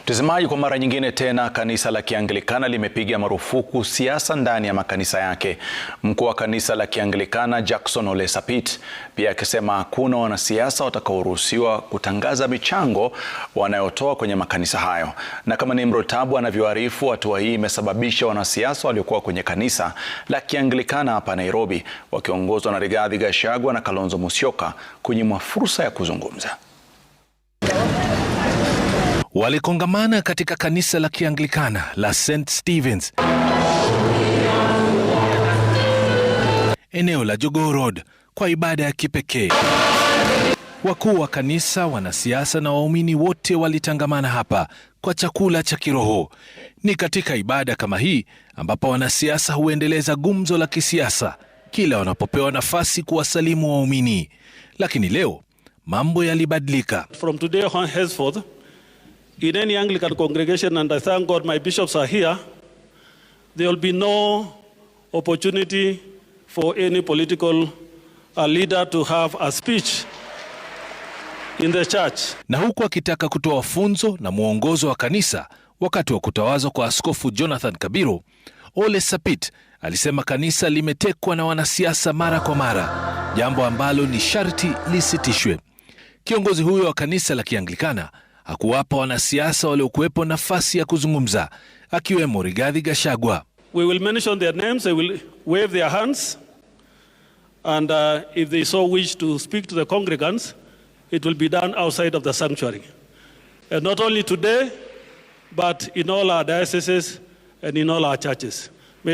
Mtazamaji, kwa mara nyingine tena kanisa la Kianglikana limepiga marufuku siasa ndani ya makanisa yake. Mkuu wa kanisa la Kianglikana Jackson Ole Sapit pia akisema hakuna wanasiasa watakaoruhusiwa kutangaza michango wanayotoa kwenye makanisa hayo. Na kama Nimrod Tabu anavyoarifu, hatua hii imesababisha wanasiasa waliokuwa kwenye kanisa la Kianglikana hapa Nairobi wakiongozwa na Rigathi Gachagua na Kalonzo Musyoka kunyimwa fursa ya kuzungumza walikongamana katika kanisa la Kianglikana la St Stevens eneo la Jogoo Road kwa ibada ya kipekee. Wakuu wa kanisa, wanasiasa na waumini wote walitangamana hapa kwa chakula cha kiroho. Ni katika ibada kama hii ambapo wanasiasa huendeleza gumzo la kisiasa kila wanapopewa nafasi kuwasalimu waumini, lakini leo mambo yalibadilika. From today on henceforth in any Anglican congregation, and I thank God my bishops are here, there will be no opportunity for any political uh, leader to have a speech in the church. Na huku akitaka kutoa funzo na mwongozo wa kanisa wakati wa kutawazwa kwa Askofu Jonathan Kabiru, Ole Sapit alisema kanisa limetekwa na wanasiasa mara kwa mara, jambo ambalo ni sharti lisitishwe. Kiongozi huyo wa kanisa la Kianglikana hakuwapa wanasiasa waliokuwepo nafasi ya kuzungumza akiwemo Rigathi Gachagua. We will mention their names, they will wave their hands and uh, if they so wish to speak to the congregants, it will be done outside of the sanctuary. And not only today, but in all our dioceses and in all our churches.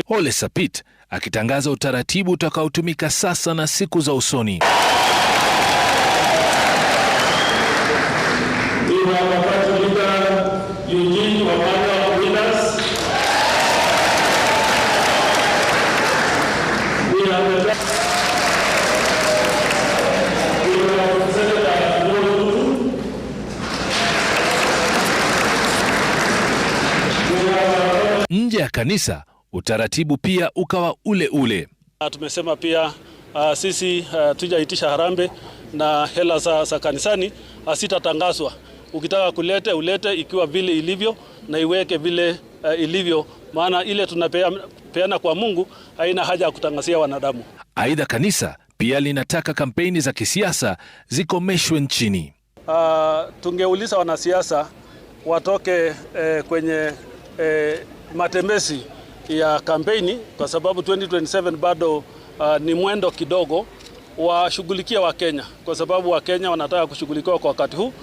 Ole Sapit akitangaza utaratibu utakaotumika sasa na siku za usoni. nje ya kanisa, utaratibu pia ukawa ule ule. Ah, tumesema pia uh, sisi uh, tujaitisha harambe na hela za, za kanisani asitatangazwa. Ukitaka kulete ulete ikiwa vile ilivyo na iweke vile uh, ilivyo, maana ile tunapeana kwa Mungu haina haja ya kutangazia wanadamu. Aidha, kanisa pia linataka kampeni za kisiasa zikomeshwe nchini. Uh, tungeuliza wanasiasa watoke eh, kwenye eh, matembezi ya kampeni kwa sababu 2027 bado uh, ni mwendo kidogo, washughulikia Wakenya kwa sababu Wakenya wanataka kushughulikiwa kwa wakati huu.